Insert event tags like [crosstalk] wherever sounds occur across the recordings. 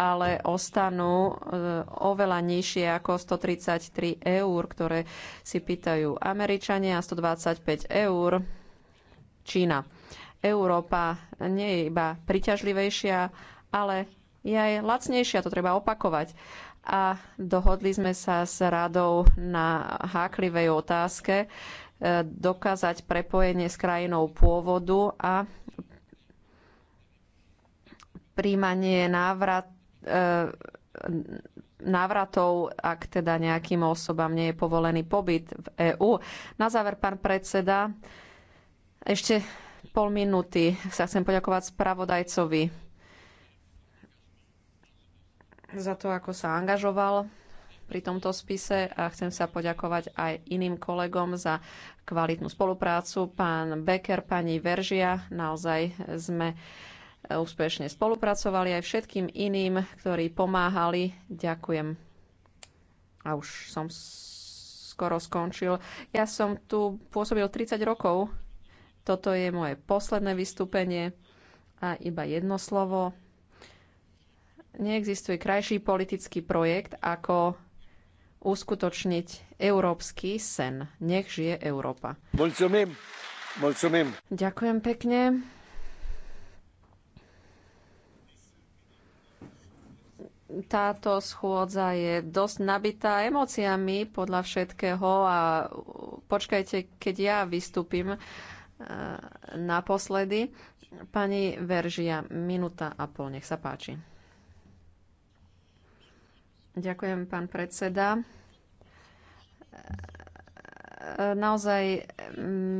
ale ostanú eh, oveľa nižšie ako 133 eur, ktoré si pýtajú Američania a 125 eur Čína. Európa nie je iba priťažlivejšia, ale je aj lacnejšia, to treba opakovať. A dohodli sme sa s radou na háklivej otázke eh, dokázať prepojenie s krajinou pôvodu a príjmanie návrat E, návratov, ak teda nejakým osobám nie je povolený pobyt v EÚ. Na záver, pán predseda, ešte pol minúty sa chcem poďakovať spravodajcovi za to, ako sa angažoval pri tomto spise a chcem sa poďakovať aj iným kolegom za kvalitnú spoluprácu. Pán Becker, pani Veržia, naozaj sme úspešne spolupracovali aj všetkým iným, ktorí pomáhali. Ďakujem. A už som skoro skončil. Ja som tu pôsobil 30 rokov. Toto je moje posledné vystúpenie a iba jedno slovo. Neexistuje krajší politický projekt, ako uskutočniť európsky sen. Nech žije Európa. Ďakujem pekne. táto schôdza je dosť nabitá emóciami podľa všetkého a počkajte, keď ja vystúpim e, naposledy. Pani Veržia, minúta a pol, nech sa páči. Ďakujem, pán predseda E, naozaj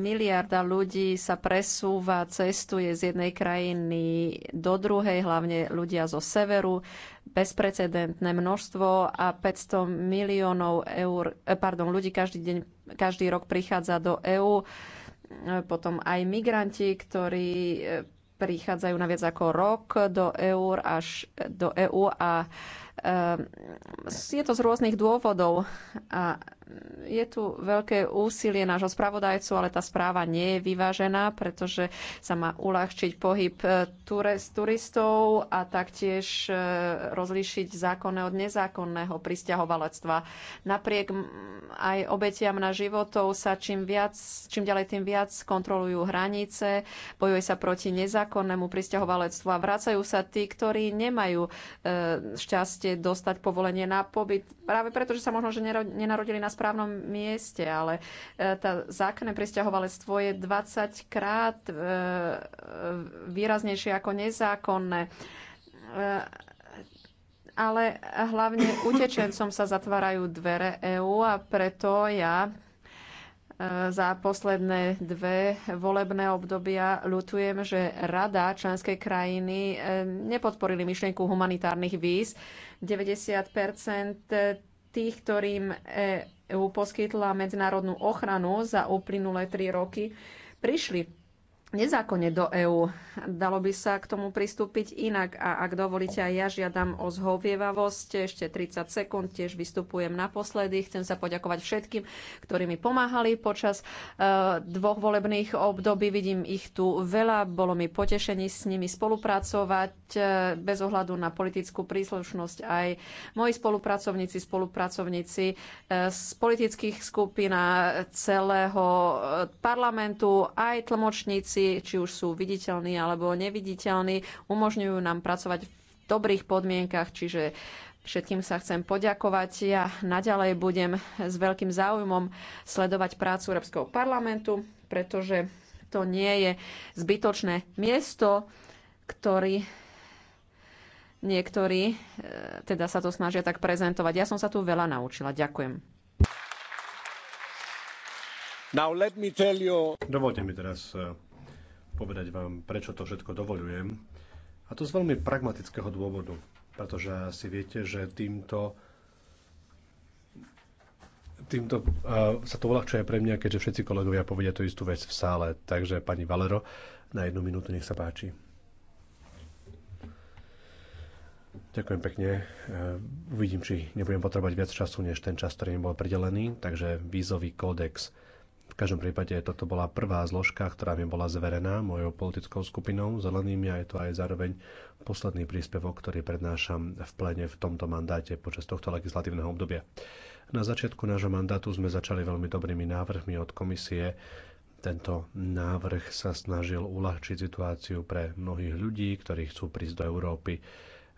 miliarda ľudí sa presúva, cestuje z jednej krajiny do druhej, hlavne ľudia zo severu, bezprecedentné množstvo a 500 miliónov eur, e, pardon, ľudí každý, deň, každý rok prichádza do EÚ, e, potom aj migranti, ktorí prichádzajú na viac ako rok do eur až do EÚ a je to z rôznych dôvodov a je tu veľké úsilie nášho spravodajcu, ale tá správa nie je vyvážená, pretože sa má uľahčiť pohyb e, turistov a taktiež e, rozlíšiť zákonné od nezákonného pristahovalectva. Napriek aj obetiam na životov sa čím, viac, čím ďalej tým viac kontrolujú hranice, bojuje sa proti nezákonnému pristahovalectvu a vracajú sa tí, ktorí nemajú e, šťastie dostať povolenie na pobyt. Práve preto, že sa možno že nenarodili na správnom mieste, ale e, tá zákonné pristahovalectvo je 20 krát e, výraznejšie ako nezákonné e, ale hlavne utečencom sa zatvárajú dvere EÚ a preto ja za posledné dve volebné obdobia ľutujem, že Rada členskej krajiny nepodporili myšlienku humanitárnych víz. 90 tých, ktorým EU poskytla medzinárodnú ochranu za uplynulé tri roky, prišli nezákonne do EÚ. Dalo by sa k tomu pristúpiť inak a ak dovolíte, aj ja žiadam o zhovievavosť. Ešte 30 sekúnd tiež vystupujem naposledy. Chcem sa poďakovať všetkým, ktorí mi pomáhali počas uh, dvoch volebných období. Vidím ich tu veľa. Bolo mi potešení s nimi spolupracovať uh, bez ohľadu na politickú príslušnosť. Aj moji spolupracovníci, spolupracovníci uh, z politických skupín a celého parlamentu, aj tlmočníci, veci, či už sú viditeľní alebo neviditeľní, umožňujú nám pracovať v dobrých podmienkach, čiže Všetkým sa chcem poďakovať. Ja naďalej budem s veľkým záujmom sledovať prácu Európskeho parlamentu, pretože to nie je zbytočné miesto, ktorý niektorí e, teda sa to snažia tak prezentovať. Ja som sa tu veľa naučila. Ďakujem. Now let me tell you... Dovolte mi teraz e, povedať vám, prečo to všetko dovolujem. A to z veľmi pragmatického dôvodu, pretože si viete, že týmto týmto uh, sa to uľahčuje pre mňa, keďže všetci kolegovia povedia tú istú vec v sále. Takže pani Valero, na jednu minútu nech sa páči. Ďakujem pekne. E, uvidím, či nebudem potrebovať viac času, než ten čas, ktorý mi bol pridelený. Takže vízový kódex každom prípade toto bola prvá zložka, ktorá mi bola zverená mojou politickou skupinou zelenými a je to aj zároveň posledný príspevok, ktorý prednášam v plene v tomto mandáte počas tohto legislatívneho obdobia. Na začiatku nášho mandátu sme začali veľmi dobrými návrhmi od komisie. Tento návrh sa snažil uľahčiť situáciu pre mnohých ľudí, ktorí chcú prísť do Európy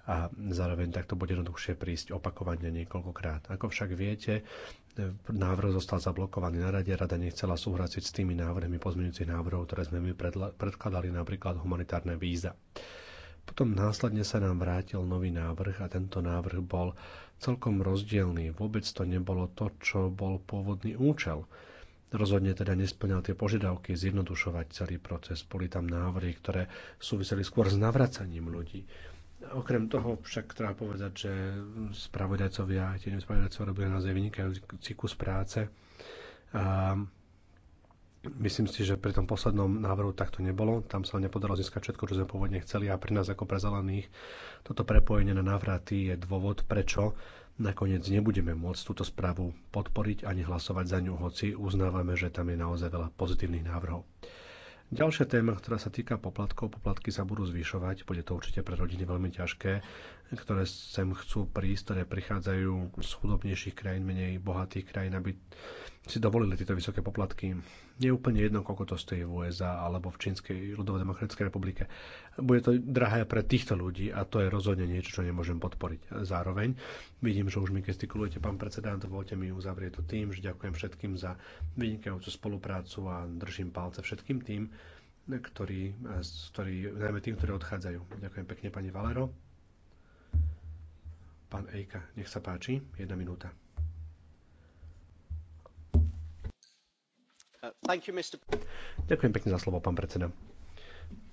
a zároveň takto bude jednoduchšie prísť opakovane niekoľkokrát. Ako však viete, návrh zostal zablokovaný na rade, rada nechcela súhlasiť s tými návrhmi pozmeňujúcich návrhov, ktoré sme my predkladali, napríklad humanitárne víza. Potom následne sa nám vrátil nový návrh a tento návrh bol celkom rozdielný. Vôbec to nebolo to, čo bol pôvodný účel. Rozhodne teda nesplňal tie požiadavky zjednodušovať celý proces. Boli tam návrhy, ktoré súviseli skôr s navracaním ľudí Okrem toho však treba povedať, že spravodajcovia, tie spravodajcovia robili naozaj vynikajúci kus práce. A myslím si, že pri tom poslednom návrhu takto nebolo. Tam sa nepodarilo získať všetko, čo sme pôvodne chceli a pri nás ako pre zelených toto prepojenie na návraty je dôvod, prečo nakoniec nebudeme môcť túto správu podporiť ani hlasovať za ňu, hoci uznávame, že tam je naozaj veľa pozitívnych návrhov. Ďalšia téma, ktorá sa týka poplatkov, poplatky sa budú zvyšovať, bude to určite pre rodiny veľmi ťažké ktoré sem chcú prísť, ktoré prichádzajú z chudobnejších krajín, menej bohatých krajín, aby si dovolili tieto vysoké poplatky. Je úplne jedno, koľko to stojí v USA alebo v Čínskej ľudovo-demokratickej republike. Bude to drahé pre týchto ľudí a to je rozhodne niečo, čo nemôžem podporiť. Zároveň vidím, že už mi gestikulujete, pán predseda, dovolte mi uzavrieť to tým, že ďakujem všetkým za vynikajúcu spoluprácu a držím palce všetkým tým, ktorí, ktorí, najmä tým, ktorí odchádzajú. Ďakujem pekne, pani Valero. Pán Ejka, nech sa páči, jedna minúta. Uh, Ďakujem pekne za slovo, pán predseda.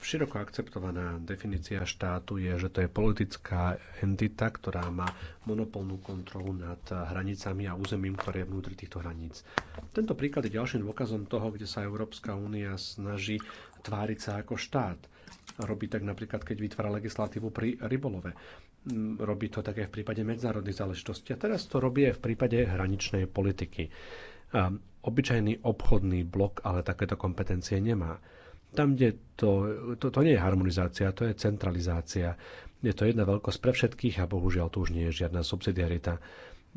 Široko akceptovaná definícia štátu je, že to je politická entita, ktorá má monopolnú kontrolu nad hranicami a územím, ktoré je vnútri týchto hraníc. Tento príklad je ďalším dôkazom toho, kde sa Európska únia snaží tváriť sa ako štát. Robí tak napríklad, keď vytvára legislatívu pri rybolove. Robí to také v prípade medzinárodných záležitostí. A teraz to robí aj v prípade hraničnej politiky. A ehm, obyčajný obchodný blok ale takéto kompetencie nemá. Tam, kde to, to, to nie je harmonizácia, to je centralizácia. Je to jedna veľkosť pre všetkých a bohužiaľ to už nie je žiadna subsidiarita.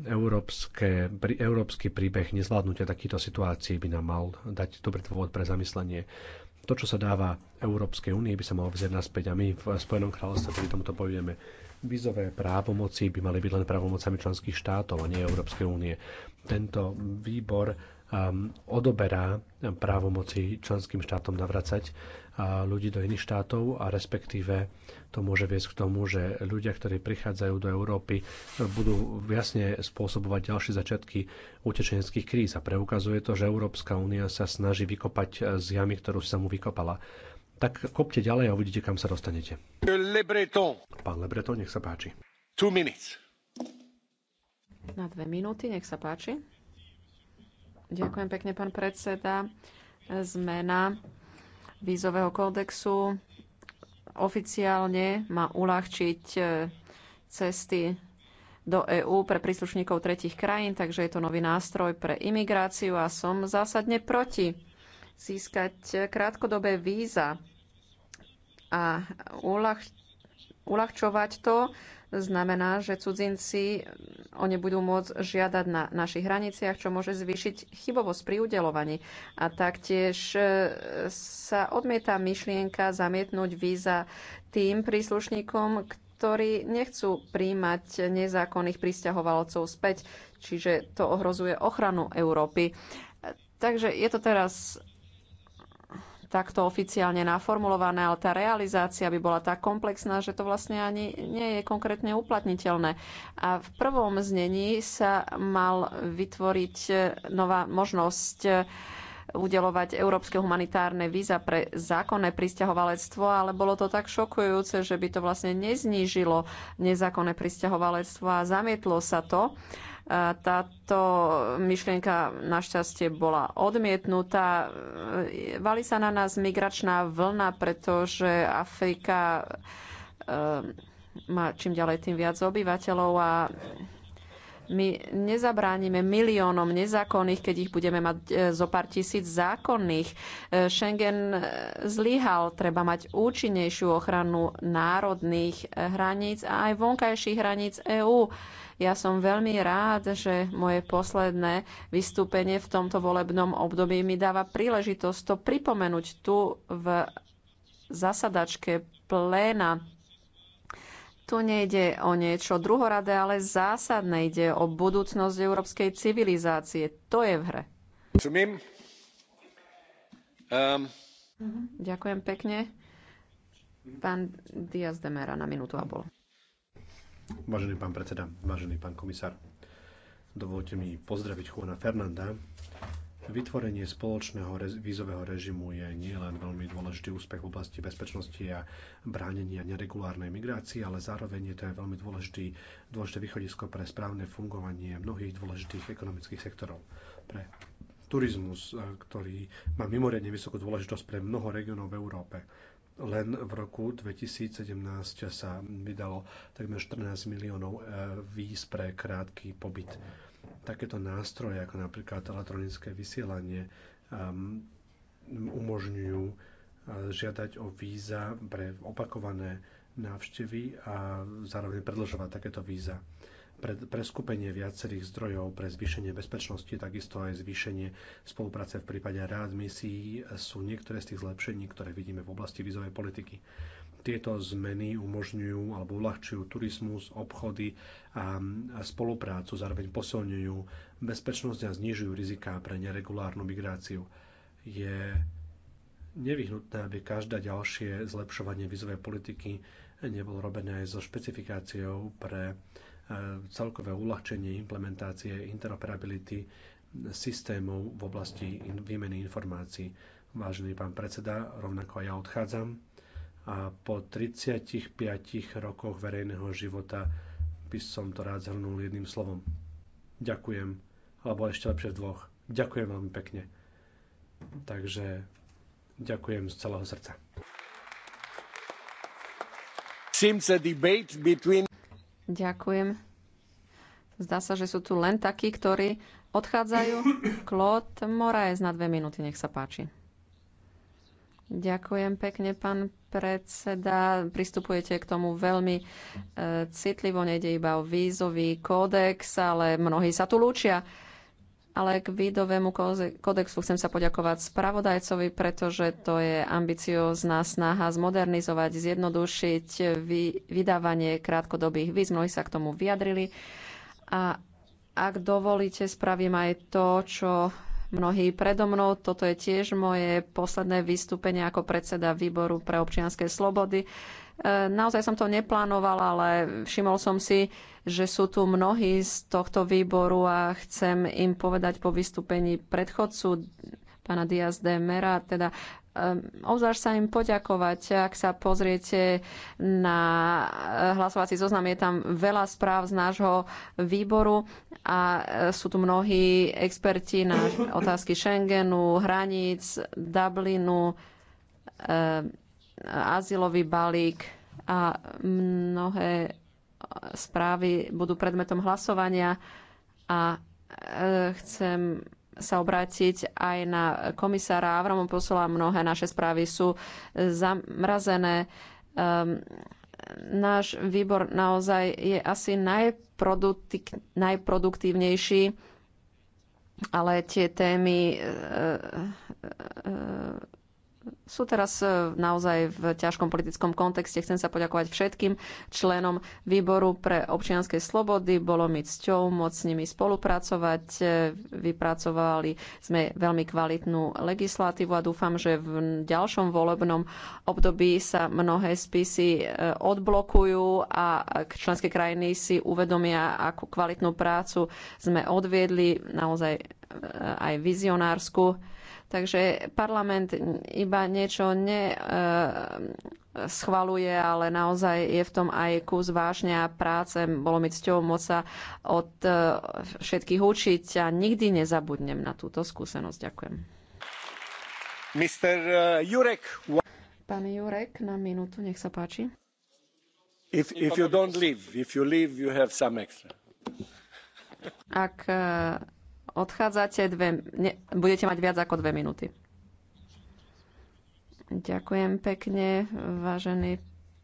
Európske, prí, európsky príbeh nezvládnutia takýchto situácií by nám mal dať dobrý dôvod pre zamyslenie to, čo sa dáva Európskej únie, by sa malo vzrieť naspäť a my v Spojenom kráľovstve pri tomto povieme, Vízové právomoci by mali byť len právomocami členských štátov a nie Európskej únie. Tento výbor um, odoberá právomoci členským štátom navracať a uh, ľudí do iných štátov a respektíve to môže viesť k tomu, že ľudia, ktorí prichádzajú do Európy, budú jasne spôsobovať ďalšie začiatky utečeneckých kríz a preukazuje to, že Európska únia sa snaží vykopať uh, z jamy, ktorú sa mu vykopala tak kopte ďalej a uvidíte, kam sa dostanete. Le Breton. Pán Le Breton, nech sa páči. Two minutes. Na dve minúty, nech sa páči. Ďakujem pekne, pán predseda. Zmena vízového kódexu oficiálne má uľahčiť e, cesty do EÚ pre príslušníkov tretich krajín, takže je to nový nástroj pre imigráciu a som zásadne proti získať krátkodobé víza a uľah, uľahčovať to znamená, že cudzinci eh, oni budú môcť žiadať na našich hraniciach, čo môže zvýšiť chybovosť pri udelovaní. A taktiež eh, sa odmieta myšlienka zamietnúť víza tým príslušníkom, ktorí nechcú príjmať nezákonných pristahovalcov späť, čiže to ohrozuje ochranu Európy. Eh, takže je to teraz takto oficiálne naformulované, ale tá realizácia by bola tak komplexná, že to vlastne ani nie je konkrétne uplatniteľné. A v prvom znení sa mal vytvoriť e, nová možnosť e, udelovať európske humanitárne víza pre zákonné pristahovalectvo, ale bolo to tak šokujúce, že by to vlastne neznížilo nezákonné pristahovalectvo a zamietlo sa to. Uh, táto myšlienka našťastie bola odmietnutá. Vali sa na nás migračná vlna, pretože Afrika ehm, má čím ďalej tým viac obyvateľov a my nezabránime miliónom nezákonných, keď ich budeme mať e, zo pár tisíc zákonných. E, Schengen e, zlyhal, treba mať účinnejšiu ochranu národných hraníc a aj vonkajších hraníc EÚ. Ja som veľmi rád, že moje posledné vystúpenie v tomto volebnom období mi dáva príležitosť to pripomenúť tu v zasadačke pléna. Tu nejde o niečo druhoradé, ale zásadné ide o budúcnosť európskej civilizácie. To je v hre. Um... Ďakujem pekne. Pán Diaz de Mera na minútu a bol. Vážený pán predseda, vážený pán komisár, dovolte mi pozdraviť Juana Fernanda. Vytvorenie spoločného vízového režimu je nielen veľmi dôležitý úspech v oblasti bezpečnosti a bránenia neregulárnej migrácie, ale zároveň je to aj veľmi dôležitý, dôležité východisko pre správne fungovanie mnohých dôležitých ekonomických sektorov. Pre turizmus, eh, ktorý má mimoriadne vysokú dôležitosť pre mnoho regiónov v Európe len v roku 2017 sa vydalo takmer 14 miliónov e, víz pre krátky pobyt. Takéto nástroje, ako napríklad elektronické vysielanie, ehm, umožňujú e, žiadať o víza pre opakované návštevy a zároveň predlžovať takéto víza pre, preskupenie viacerých zdrojov pre zvýšenie bezpečnosti, takisto aj zvýšenie spolupráce v prípade rad misií sú niektoré z tých zlepšení, ktoré vidíme v oblasti vízovej politiky. Tieto zmeny umožňujú alebo uľahčujú turizmus, obchody a, spoluprácu, zároveň posilňujú bezpečnosť a znižujú riziká pre neregulárnu migráciu. Je nevyhnutné, aby každé ďalšie zlepšovanie vízovej politiky nebolo robené aj so špecifikáciou pre E, celkové uľahčenie implementácie interoperability systémov v oblasti výmeny informácií. Vážený pán predseda, rovnako aj ja odchádzam a po 35 rokoch verejného života by som to rád zhrnul jedným slovom. Ďakujem, alebo ešte lepšie v dvoch. Ďakujem veľmi pekne. Takže ďakujem z celého srdca. Seems a debate between Ďakujem. Zdá sa, že sú tu len takí, ktorí odchádzajú. Claude Moraes na dve minúty, nech sa páči. Ďakujem pekne, pán predseda. Pristupujete k tomu veľmi e, citlivo. Nejde iba o vízový kódex, ale mnohí sa tu lúčia ale k výdovému kodexu chcem sa poďakovať spravodajcovi, pretože to je ambiciózna snaha zmodernizovať, zjednodušiť vy, vydávanie krátkodobých víz. Mnohí sa k tomu vyjadrili. A ak dovolíte, spravím aj to, čo mnohí predo mnou. Toto je tiež moje posledné vystúpenie ako predseda výboru pre občianske slobody. Naozaj som to neplánoval, ale všimol som si, že sú tu mnohí z tohto výboru a chcem im povedať po vystúpení predchodcu pána Diaz de Mera, teda ehm, obzvlášť sa im poďakovať. Ak sa pozriete na eh, hlasovací zoznam, je tam veľa správ z nášho výboru a eh, sú tu mnohí experti na otázky Schengenu, hraníc, Dublinu, ehm, azylový balík a mnohé správy budú predmetom hlasovania a e, chcem sa obrátiť aj na komisára Avramom Posola. Mnohé naše správy sú zamrazené. Ehm, náš výbor naozaj je asi najproduktívnejší, ale tie témy e, e, sú teraz e, naozaj v ťažkom politickom kontexte. Chcem sa poďakovať všetkým členom výboru pre občianske slobody. Bolo mi cťou moc s nimi spolupracovať. E, vypracovali sme veľmi kvalitnú legislatívu a dúfam, že v ďalšom volebnom období sa mnohé spisy e, odblokujú a členské krajiny si uvedomia, akú kvalitnú prácu sme odviedli, naozaj aj vizionársku Takže parlament iba niečo ne e, schvaluje, ale naozaj je v tom aj kus vážne a práce. Bolo mi cťou moc sa od e, všetkých učiť a nikdy nezabudnem na túto skúsenosť. Ďakujem. Mr. E, Jurek. Pán Jurek, na minútu, nech sa páči. If, if you don't leave, if you leave, you have some extra. Ak odchádzate, dve, ne, budete mať viac ako dve minúty. Ďakujem pekne, vážený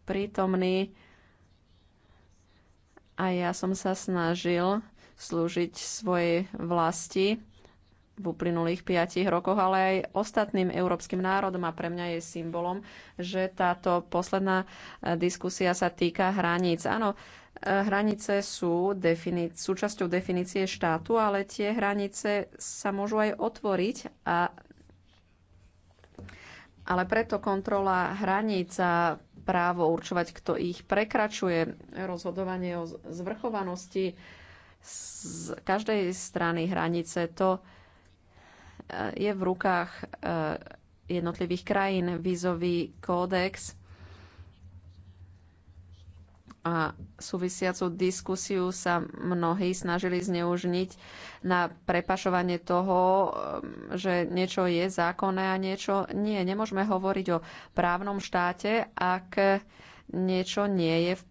prítomný. A ja som sa snažil slúžiť svojej vlasti v uplynulých piatich rokoch, ale aj ostatným európskym národom a pre mňa je symbolom, že táto posledná diskusia sa týka hraníc. Áno, Hranice sú defini- súčasťou definície štátu, ale tie hranice sa môžu aj otvoriť a ale preto kontrola hraníc a právo určovať, kto ich prekračuje, rozhodovanie o zvrchovanosti z každej strany hranice, to e, je v rukách e, jednotlivých krajín. Vízový kódex a súvisiacu diskusiu sa mnohí snažili zneužniť na prepašovanie toho, um, že niečo je zákonné a niečo nie. Nemôžeme hovoriť o právnom štáte, ak niečo nie je v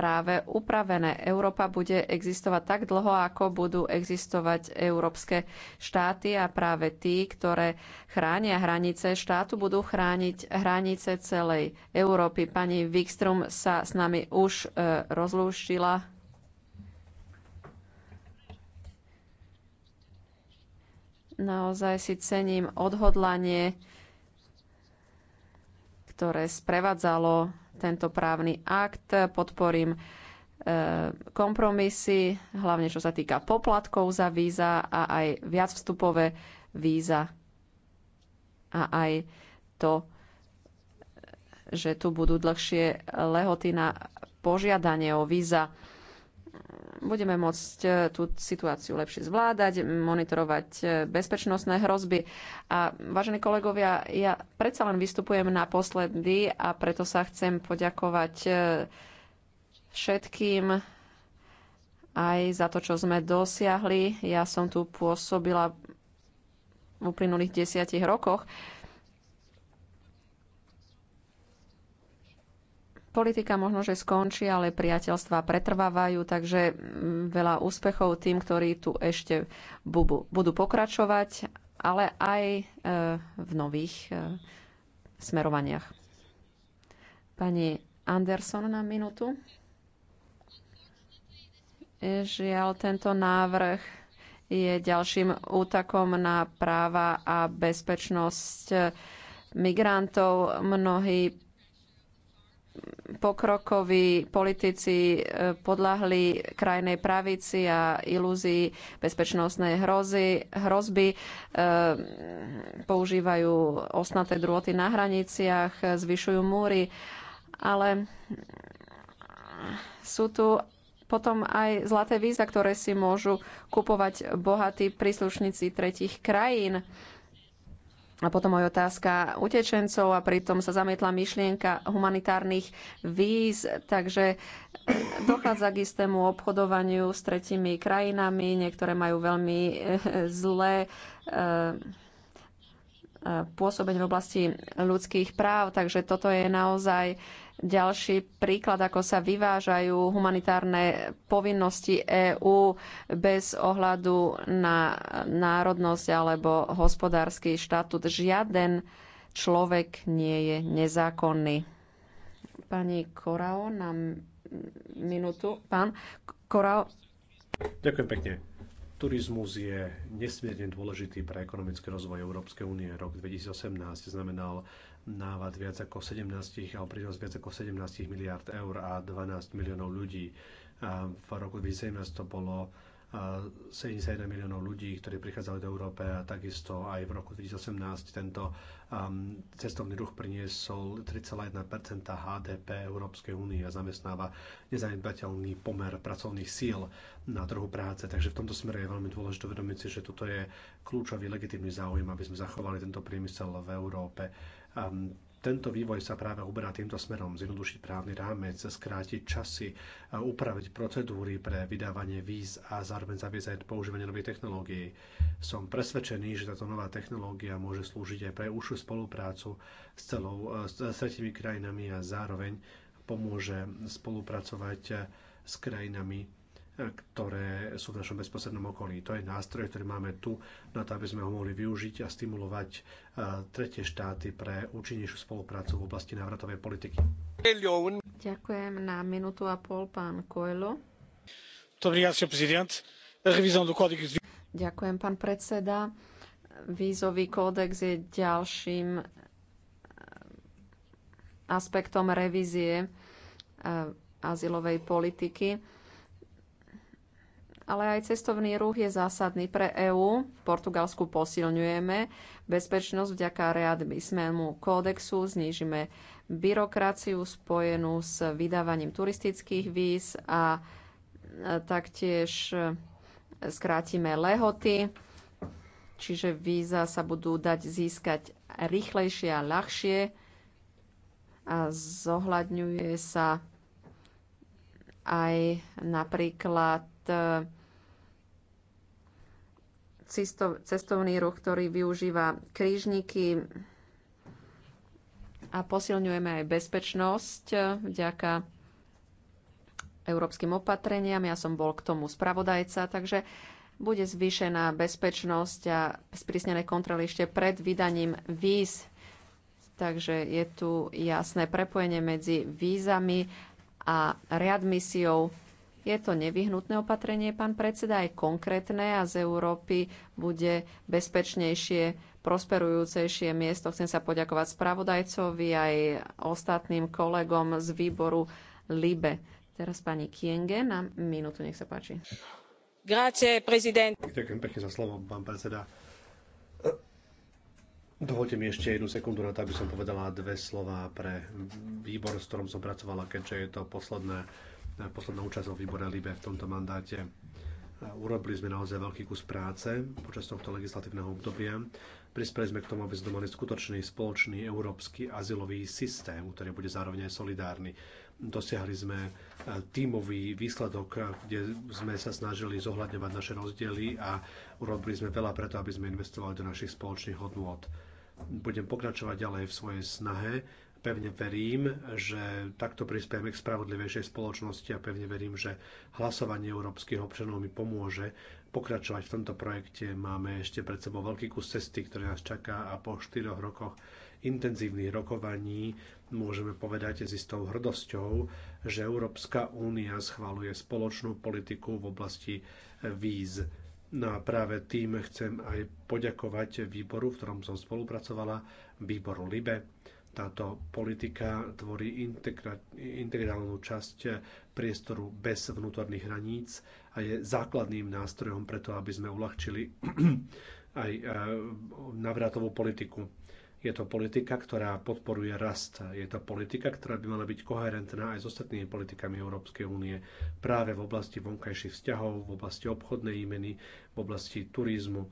práve upravené. Európa bude existovať tak dlho, ako budú existovať európske štáty a práve tí, ktoré chránia hranice štátu, budú chrániť hranice celej Európy. Pani Wikström sa s nami už e, rozlúštila. Naozaj si cením odhodlanie, ktoré sprevádzalo tento právny akt, podporím e, kompromisy, hlavne čo sa týka poplatkov za víza a aj viac vstupové víza a aj to, že tu budú dlhšie lehoty na požiadanie o víza budeme môcť e, tú situáciu lepšie zvládať, monitorovať e, bezpečnostné hrozby. A vážení kolegovia, ja predsa len vystupujem naposledy a preto sa chcem poďakovať e, všetkým aj za to, čo sme dosiahli. Ja som tu pôsobila v uplynulých desiatich rokoch. politika možno, že skončí, ale priateľstva pretrvávajú, takže mm, veľa úspechov tým, ktorí tu ešte budú pokračovať, ale aj e, v nových e, smerovaniach. Pani Anderson na minútu. E, žiaľ, tento návrh je ďalším útakom na práva a bezpečnosť migrantov. Mnohí pokrokoví politici e, podľahli krajnej pravici a ilúzii bezpečnostnej hrozy, hrozby, e, používajú osnaté drôty na hraniciach, zvyšujú múry, ale sú tu potom aj zlaté víza, ktoré si môžu kupovať bohatí príslušníci tretich krajín a potom aj otázka utečencov a pritom sa zamietla myšlienka humanitárnych víz, takže eh, dochádza k istému obchodovaniu s tretimi krajinami, niektoré majú veľmi eh, zlé eh, pôsobenie v oblasti ľudských práv, takže toto je naozaj ďalší príklad, ako sa vyvážajú humanitárne povinnosti EÚ bez ohľadu na národnosť alebo hospodársky štatút. Žiaden človek nie je nezákonný. Pani Korao, na minútu. Pán Korao. Ďakujem pekne. Turizmus je nesmierne dôležitý pre ekonomický rozvoj Európskej únie. Rok 2018 znamenal návad viac ako 17, alebo prínos viac ako 17 miliard eur a 12 miliónov ľudí. V roku 2017 to bolo 71 miliónov ľudí, ktorí prichádzali do Európe a takisto aj v roku 2018 tento um, cestovný ruch priniesol 3,1 HDP Európskej únie a zamestnáva nezanedbateľný pomer pracovných síl na trhu práce. Takže v tomto smere je veľmi dôležité uvedomiť si, že toto je kľúčový legitímny záujem, aby sme zachovali tento priemysel v Európe tento vývoj sa práve uberá týmto smerom. Zjednodušiť právny rámec, skrátiť časy, upraviť procedúry pre vydávanie víz a zároveň zaviesť používanie novej technológií. Som presvedčený, že táto nová technológia môže slúžiť aj pre užšiu spoluprácu s, celou, s krajinami a zároveň pomôže spolupracovať e, s krajinami E, ktoré sú v našom bezprostrednom okolí. To je nástroj, ktorý máme tu na to, aby sme ho mohli využiť a stimulovať e, tretie štáty pre účinnejšiu spoluprácu v oblasti návratovej politiky. Ďakujem na minútu a pol, pán Coelho. Ďakujem, pán predseda. Vízový kódex je ďalším e, aspektom revízie azylovej politiky ale aj cestovný ruch je zásadný pre EÚ. V Portugalsku posilňujeme bezpečnosť vďaka readmismému kódexu, znížime byrokraciu spojenú s vydávaním turistických víz a e, taktiež e, skrátime lehoty, čiže víza sa budú dať získať rýchlejšie a ľahšie a zohľadňuje sa aj napríklad e, cestovný ruch, ktorý využíva krížniky a posilňujeme aj bezpečnosť eh, vďaka európskym opatreniam. Ja som bol k tomu spravodajca, takže bude zvýšená bezpečnosť a sprísnené kontroly ešte pred vydaním víz. Takže je tu jasné prepojenie medzi vízami a misiou je to nevyhnutné opatrenie, pán predseda, aj konkrétne a z Európy bude bezpečnejšie, prosperujúcejšie miesto. Chcem sa poďakovať spravodajcovi aj ostatným kolegom z výboru LIBE. Teraz pani Kienge na minútu, nech sa páči. Grazie, prezident. Ďakujem pekne za slovo, pán predseda. Dovolte mi ešte jednu sekundu na to, aby som povedala dve slova pre výbor, s ktorým som pracovala, keďže je to posledné posledná účasť vo výbore LIBE v tomto mandáte. Urobili sme naozaj veľký kus práce počas tohto legislatívneho obdobia. Prispeli sme k tomu, aby sme mali skutočný spoločný európsky azylový systém, ktorý bude zároveň aj solidárny. Dosiahli sme e, tímový výsledok, kde sme sa snažili zohľadňovať naše rozdiely a urobili sme veľa preto, aby sme investovali do našich spoločných hodnôt. Budem pokračovať ďalej v svojej snahe Pevne verím, že takto prispieme k spravodlivejšej spoločnosti a pevne verím, že hlasovanie európskych občanov mi pomôže pokračovať v tomto projekte. Máme ešte pred sebou veľký kus cesty, ktorý nás čaká a po štyroch rokoch intenzívnych rokovaní môžeme povedať s istou hrdosťou, že Európska únia schvaluje spoločnú politiku v oblasti víz. No a práve tým chcem aj poďakovať výboru, v ktorom som spolupracovala, výboru LIBE, táto politika tvorí integrálnu časť priestoru bez vnútorných hraníc a je základným nástrojom preto, aby sme uľahčili [clears throat] aj e, navratovú politiku. Je to politika, ktorá podporuje rast. Je to politika, ktorá by mala byť koherentná aj s ostatnými politikami Európskej únie práve v oblasti vonkajších vzťahov, v oblasti obchodnej imeny, v oblasti turizmu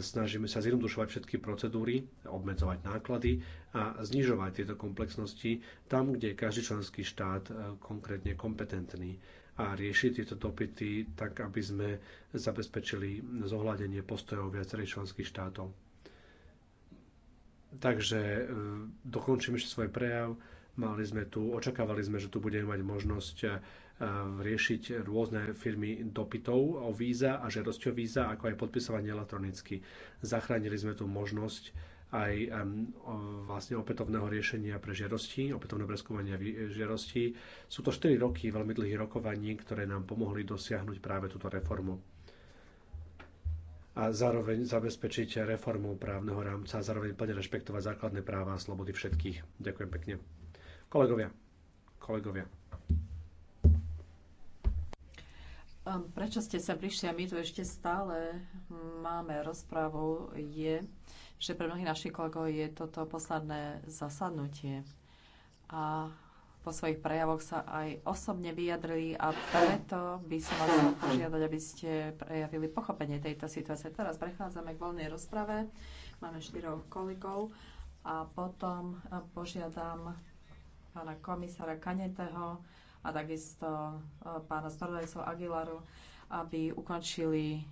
Snažíme sa zjednodušovať všetky procedúry, obmedzovať náklady a znižovať tieto komplexnosti tam, kde je každý členský štát e, konkrétne kompetentný a riešiť tieto dopity tak, aby sme zabezpečili zohľadenie postojov viacerých členských štátov. Takže e, dokončím ešte svoj prejav. Mali sme tu, očakávali sme, že tu budeme mať možnosť e, Eh, riešiť rôzne firmy dopytov o víza a žiadosť o víza, ako aj podpisovanie elektronicky. Zachránili sme tu možnosť aj vlastne opätovného riešenia pre žiadosti, opätovné preskúmania žiadosti. Sú to 4 roky veľmi dlhých rokovaní, ktoré nám pomohli dosiahnuť práve túto reformu a zároveň zabezpečiť reformu právneho rámca a zároveň plne rešpektovať základné práva a slobody všetkých. Ďakujem pekne. Kolegovia, kolegovia, Prečo ste sa prišli a my tu ešte stále máme rozprávu, je, že pre mnohých našich kolegov je toto posledné zasadnutie. A po svojich prejavoch sa aj osobne vyjadrili a preto by som vás požiadať, aby ste prejavili pochopenie tejto situácie. Teraz prechádzame k voľnej rozprave. Máme štyroch kolegov a potom požiadam pána komisára Kaneteho, a takisto e, pána spravodajcov Aguilaru, aby ukončili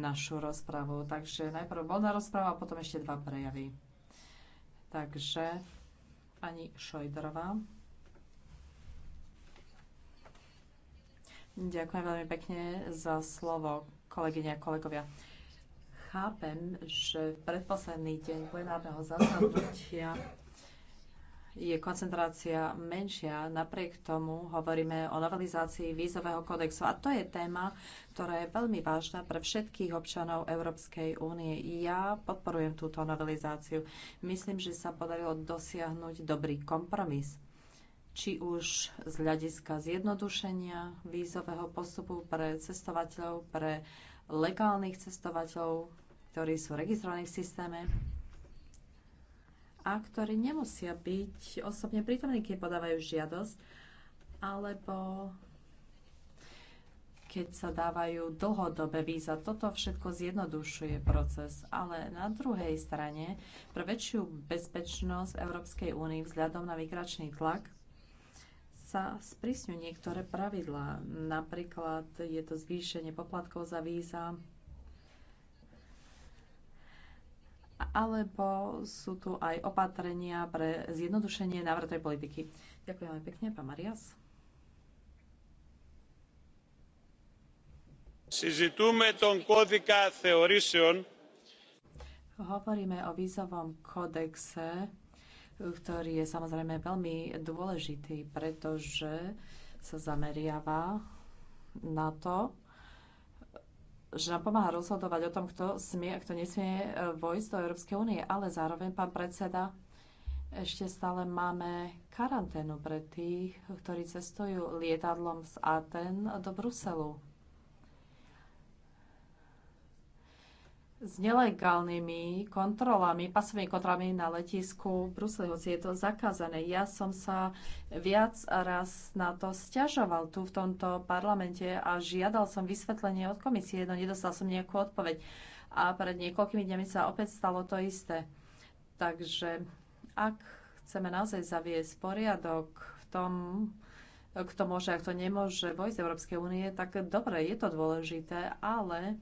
našu rozpravu. Takže najprv voľná rozpráva, a potom ešte dva prejavy. Takže pani Šojdrová. Ďakujem veľmi pekne za slovo, kolegyne a kolegovia. Chápem, že v predposledný deň plenárneho zasadnutia je koncentrácia menšia. Napriek tomu hovoríme o novelizácii vízového kodexu. A to je téma, ktorá je veľmi vážna pre všetkých občanov Európskej únie. Ja podporujem túto novelizáciu. Myslím, že sa podarilo dosiahnuť dobrý kompromis či už z hľadiska zjednodušenia vízového postupu pre cestovateľov, pre legálnych cestovateľov, ktorí sú registrovaní v systéme, a ktorí nemusia byť osobne prítomní, keď podávajú žiadosť, alebo keď sa dávajú dlhodobé víza. Toto všetko zjednodušuje proces, ale na druhej strane pre väčšiu bezpečnosť Európskej únie vzhľadom na migračný tlak sa sprísňujú niektoré pravidlá. Napríklad je to zvýšenie poplatkov za víza, alebo sú tu aj opatrenia pre zjednodušenie návratovej politiky. Ďakujem veľmi pekne, pán Marias. Hovoríme o vízovom kodexe, ktorý je samozrejme veľmi dôležitý, pretože sa zameriava na to, že nám pomáha rozhodovať o tom, kto smie a kto nesmie e, vojsť do Európskej únie. Ale zároveň, pán predseda, ešte stále máme karanténu pre tých, ktorí cestujú lietadlom z Aten do Bruselu. s nelegálnymi kontrolami, pasovými kontrolami na letisku v Bruseli, hoci je to zakázané. Ja som sa viac raz na to stiažoval tu v tomto parlamente a žiadal som vysvetlenie od komisie, no nedostal som nejakú odpoveď. A pred niekoľkými dňami sa opäť stalo to isté. Takže ak chceme naozaj zaviesť poriadok v tom, kto môže a kto nemôže vojsť z Európskej únie, tak dobre, je to dôležité, ale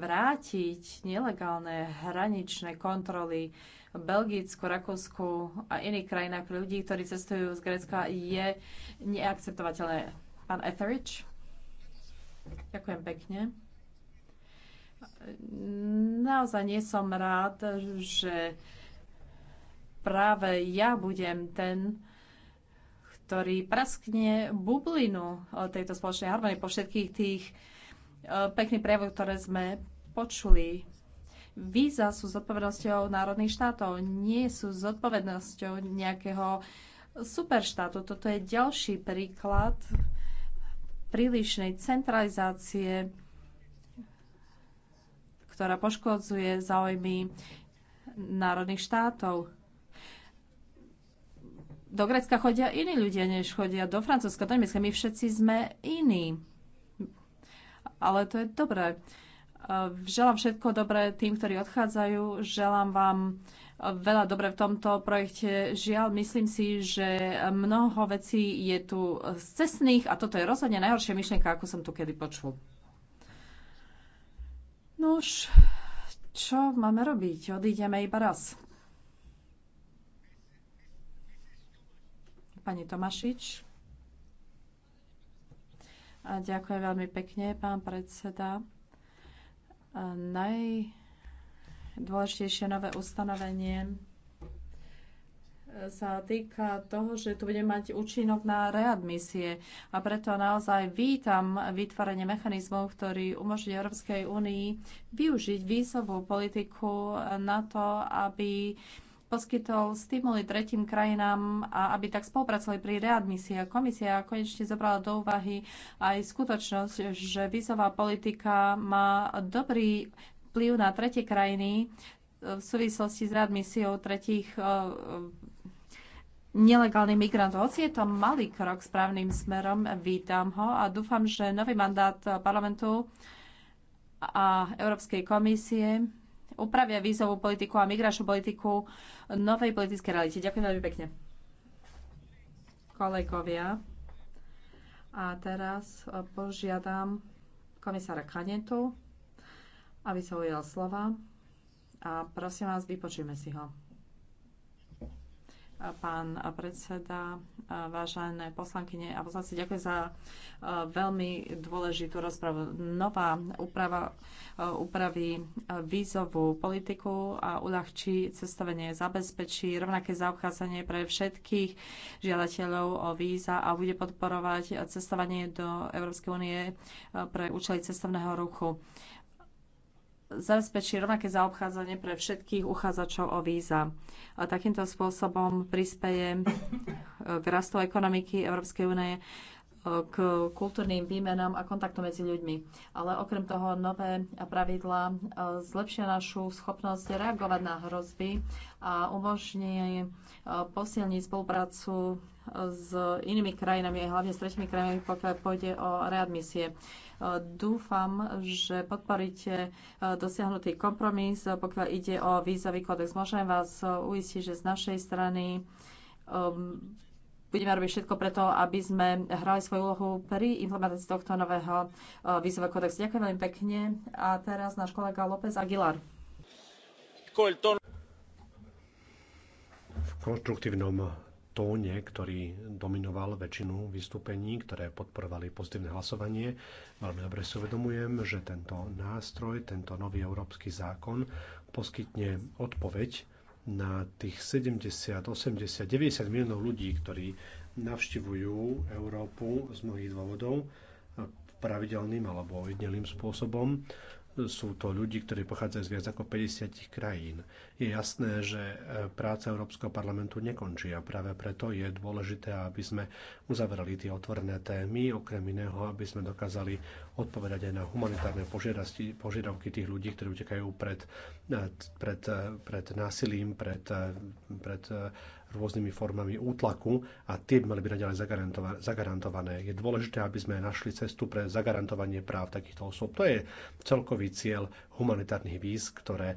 vrátiť nelegálne hraničné kontroly Belgicku, Rakúsku a iných krajinách pre ľudí, ktorí cestujú z Grécka, je neakceptovateľné. Pán Etheridge? Ďakujem pekne. Naozaj nie som rád, že práve ja budem ten, ktorý praskne bublinu tejto spoločnej harmonie po všetkých tých eh, pekných prejavoch, ktoré sme počuli. Víza sú zodpovednosťou národných štátov, nie sú zodpovednosťou nejakého superštátu. Toto je ďalší príklad prílišnej centralizácie, ktorá poškodzuje záujmy národných štátov. Do Grécka chodia iní ľudia, než chodia do Francúzska, do Nemecka. My všetci sme iní. Ale to je dobré. Eh, želám všetko dobré tým, ktorí odchádzajú. Želám vám eh, veľa dobre v tomto projekte. Žiaľ, myslím si, že mnoho vecí je tu eh, z cestných a toto je rozhodne najhoršia myšlienka, ako som tu kedy počul. Nuž, čo máme robiť? Odídeme iba raz. Pani Tomašič. A ďakujem veľmi pekne, pán predseda. Najdôležitejšie nové ustanovenie e, sa týka toho, že tu bude mať účinok na readmisie. A preto naozaj vítam vytvorenie mechanizmov, ktorý umožní Európskej únii využiť výzovú politiku na to, aby poskytol stimuly tretím krajinám, a aby tak spolupracovali pri readmisii. Komisia konečne zobrala do úvahy aj skutočnosť, že vízová politika má dobrý vplyv na tretie krajiny e, v súvislosti s readmisiou tretích e, nelegálnych migrantov. Hoci je to malý krok správnym smerom, vítam ho a dúfam, že nový mandát parlamentu a Európskej komisie upravia vízovú politiku a migračnú politiku novej politickej realite. Ďakujem veľmi pekne. Kolegovia. A teraz požiadam komisára Kanetu, aby sa ujal slova. A prosím vás, vypočujme si ho pán predseda, vážené poslankyne a poslanci. Ďakujem za e, veľmi dôležitú rozpravu. Nová úprava upraví e, e, vízovú politiku a uľahčí cestovanie, zabezpečí rovnaké zaobchádzanie pre všetkých žiadateľov o víza a bude podporovať cestovanie do Európskej únie pre účely cestovného ruchu zabezpečí rovnaké zaobchádzanie pre všetkých uchádzačov o víza. A takýmto spôsobom prispeje eh, k rastu ekonomiky Európskej únie, eh, k kultúrnym výmenám a kontaktu medzi ľuďmi. Ale okrem toho nové pravidlá eh, zlepšia našu schopnosť reagovať na hrozby a umožní posilniť spoluprácu s inými krajinami, hlavne s tretimi krajinami, pokiaľ pôjde o readmisie. E, dúfam, že podporíte e, dosiahnutý kompromis, e, pokiaľ ide o vízový kódex. Môžem vás uistiť, že z našej strany um, budeme robiť všetko preto, aby sme hrali svoju úlohu pri implementácii tohto nového vízového kódexu. Ďakujem veľmi pekne. A teraz náš kolega López Aguilar. V konštruktívnom tóne, ktorý dominoval väčšinu vystúpení, ktoré podporovali pozitívne hlasovanie. Veľmi dobre si uvedomujem, že tento nástroj, tento nový európsky zákon poskytne odpoveď na tých 70, 80, 90 miliónov ľudí, ktorí navštivujú Európu z mnohých dôvodov pravidelným alebo jednelým spôsobom sú to ľudí, ktorí pochádzajú z viac ako 50 krajín. Je jasné, že e, práca Európskeho parlamentu nekončí a práve preto je dôležité, aby sme uzavreli tie otvorené témy, okrem iného, aby sme dokázali odpovedať aj na humanitárne požiadavky tých ľudí, ktorí utekajú pred, e, pred, e, pred násilím, pred, pred rôznymi formami útlaku a tie by mali byť naďalej zagarantované. Je dôležité, aby sme našli cestu pre zagarantovanie práv takýchto osôb. To je celkový cieľ humanitárnych víz, ktoré e,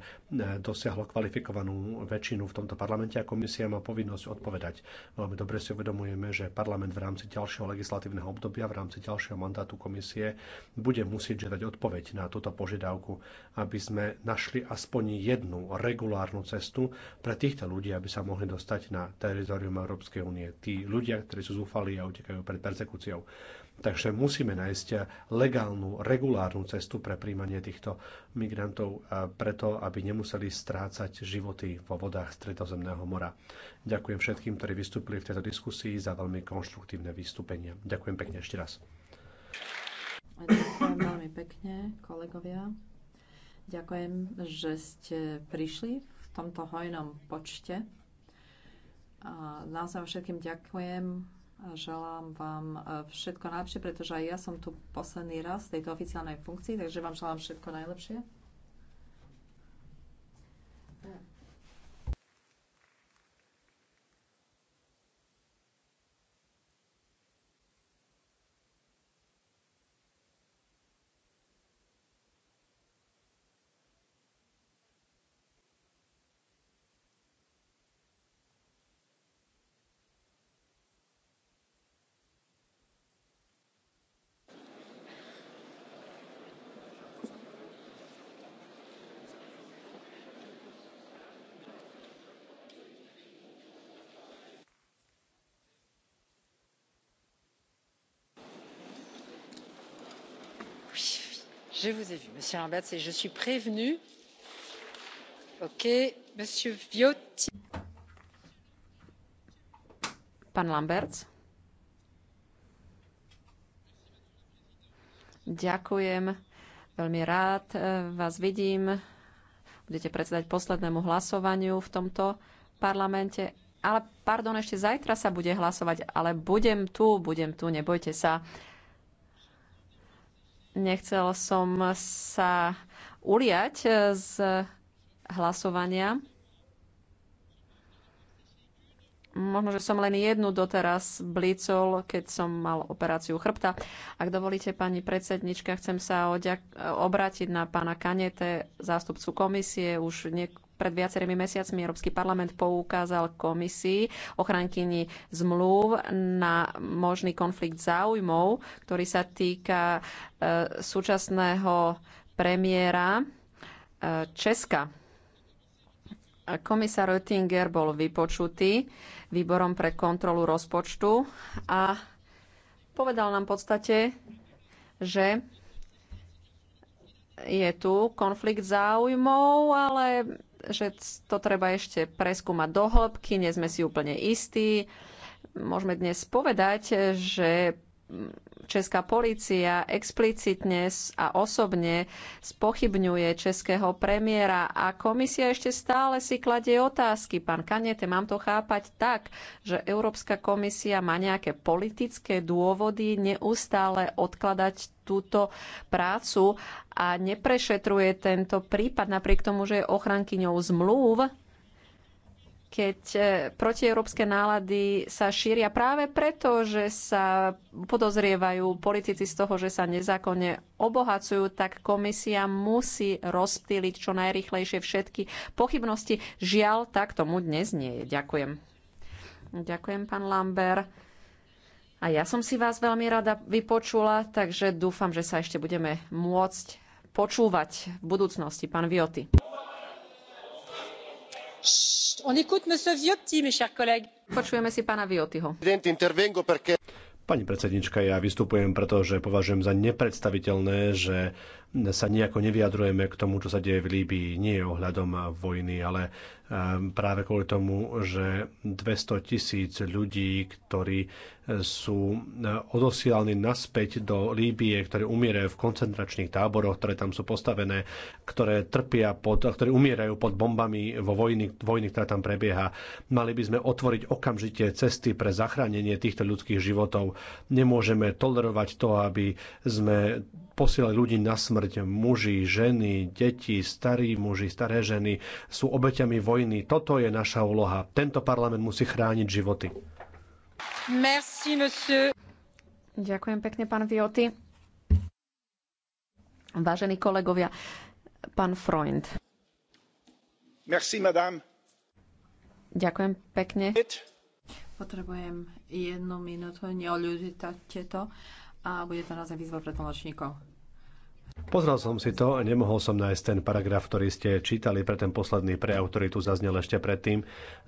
dosiahlo kvalifikovanú väčšinu v tomto parlamente a komisia má povinnosť odpovedať. Veľmi dobre si uvedomujeme, že parlament v rámci ďalšieho legislatívneho obdobia, v rámci ďalšieho mandátu komisie bude musieť žiadať odpoveď na túto požiadavku, aby sme našli aspoň jednu regulárnu cestu pre týchto ľudí, aby sa mohli dostať na teritorium Európskej únie. Tí ľudia, ktorí sú zúfali a utekajú pred persekúciou. Takže musíme nájsť legálnu, regulárnu cestu pre príjmanie týchto migrantov preto, aby nemuseli strácať životy vo vodách Stredozemného mora. Ďakujem všetkým, ktorí vystúpili v tejto diskusii za veľmi konštruktívne vystúpenia. Ďakujem pekne ešte raz. Ďakujem veľmi pekne, kolegovia. Ďakujem, že ste prišli v tomto hojnom počte. Naozaj všetkým ďakujem Želám vám e, všetko najlepšie, pretože aj ja som tu posledný raz v tejto oficiálnej funkcii, takže vám želám všetko najlepšie. ďakujem veľmi rád e, vás vidím budete predsedať poslednému hlasovaniu v tomto parlamente ale pardon ešte zajtra sa bude hlasovať ale budem tu budem tu nebojte sa. Nechcel som sa uliať e, z hlasovania. Možno, že som len jednu doteraz blícol, keď som mal operáciu chrbta. Ak dovolíte, pani predsednička, chcem sa obrátiť na pána Kanete, zástupcu komisie. Už niek- pred viacerými mesiacmi Európsky parlament poukázal komisii ochrankyni zmluv na možný konflikt záujmov, ktorý sa týka e, súčasného premiéra e, Česka. Komisár Oettinger bol vypočutý výborom pre kontrolu rozpočtu a povedal nám v podstate, že je tu konflikt záujmov, ale že to treba ešte preskúmať do hĺbky, nie sme si úplne istí. Môžeme dnes povedať, že Česká policia explicitne a osobne spochybňuje českého premiéra a komisia ešte stále si kladie otázky. Pán Kanete, mám to chápať tak, že Európska komisia má nejaké politické dôvody neustále odkladať túto prácu a neprešetruje tento prípad napriek tomu, že je ochrankyňou zmluv keď e, protieurópske nálady sa šíria práve preto, že sa podozrievajú politici z toho, že sa nezákonne obohacujú, tak komisia musí rozptýliť čo najrychlejšie všetky pochybnosti. Žiaľ, tak tomu dnes nie je. Ďakujem. Ďakujem, pán Lambert. A ja som si vás veľmi rada vypočula, takže dúfam, že sa ešte budeme môcť počúvať v budúcnosti. Pán Vioty. Pani predsednička, ja vystupujem, pretože považujem za nepredstaviteľné, že sa nejako nevyjadrujeme k tomu, čo sa deje v Líbii, nie ohľadom vojny, ale Ehm, práve kvôli tomu, že 200 tisíc ľudí, ktorí e, sú e, odosielaní naspäť do Líbie, ktorí umierajú v koncentračných táboroch, ktoré tam sú postavené, ktoré trpia pod, ktorí umierajú pod bombami vo vojny, vojny, ktorá tam prebieha. Mali by sme otvoriť okamžite cesty pre zachránenie týchto ľudských životov. Nemôžeme tolerovať to, aby sme posielali ľudí na smrť. Muži, ženy, deti, starí muži, staré ženy sú obeťami vojny vojny. Toto je naša úloha. Tento parlament musí chrániť životy. Merci, monsieur. Ďakujem pekne, pán Vioty. Vážení kolegovia, pán Freund. Merci, madame. Ďakujem pekne. Potrebujem jednu minútu, neodľudíte to a bude to naozaj výzva pre tlmočníkov. Pozrel som si to a nemohol som nájsť ten paragraf, ktorý ste čítali pre ten posledný prejav, ktorý tu zaznel ešte predtým.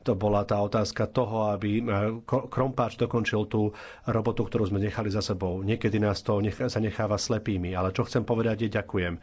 To bola tá otázka toho, aby e, Krompáč dokončil tú robotu, ktorú sme nechali za sebou. Niekedy nás to nech- sa necháva slepými, ale čo chcem povedať je ďakujem.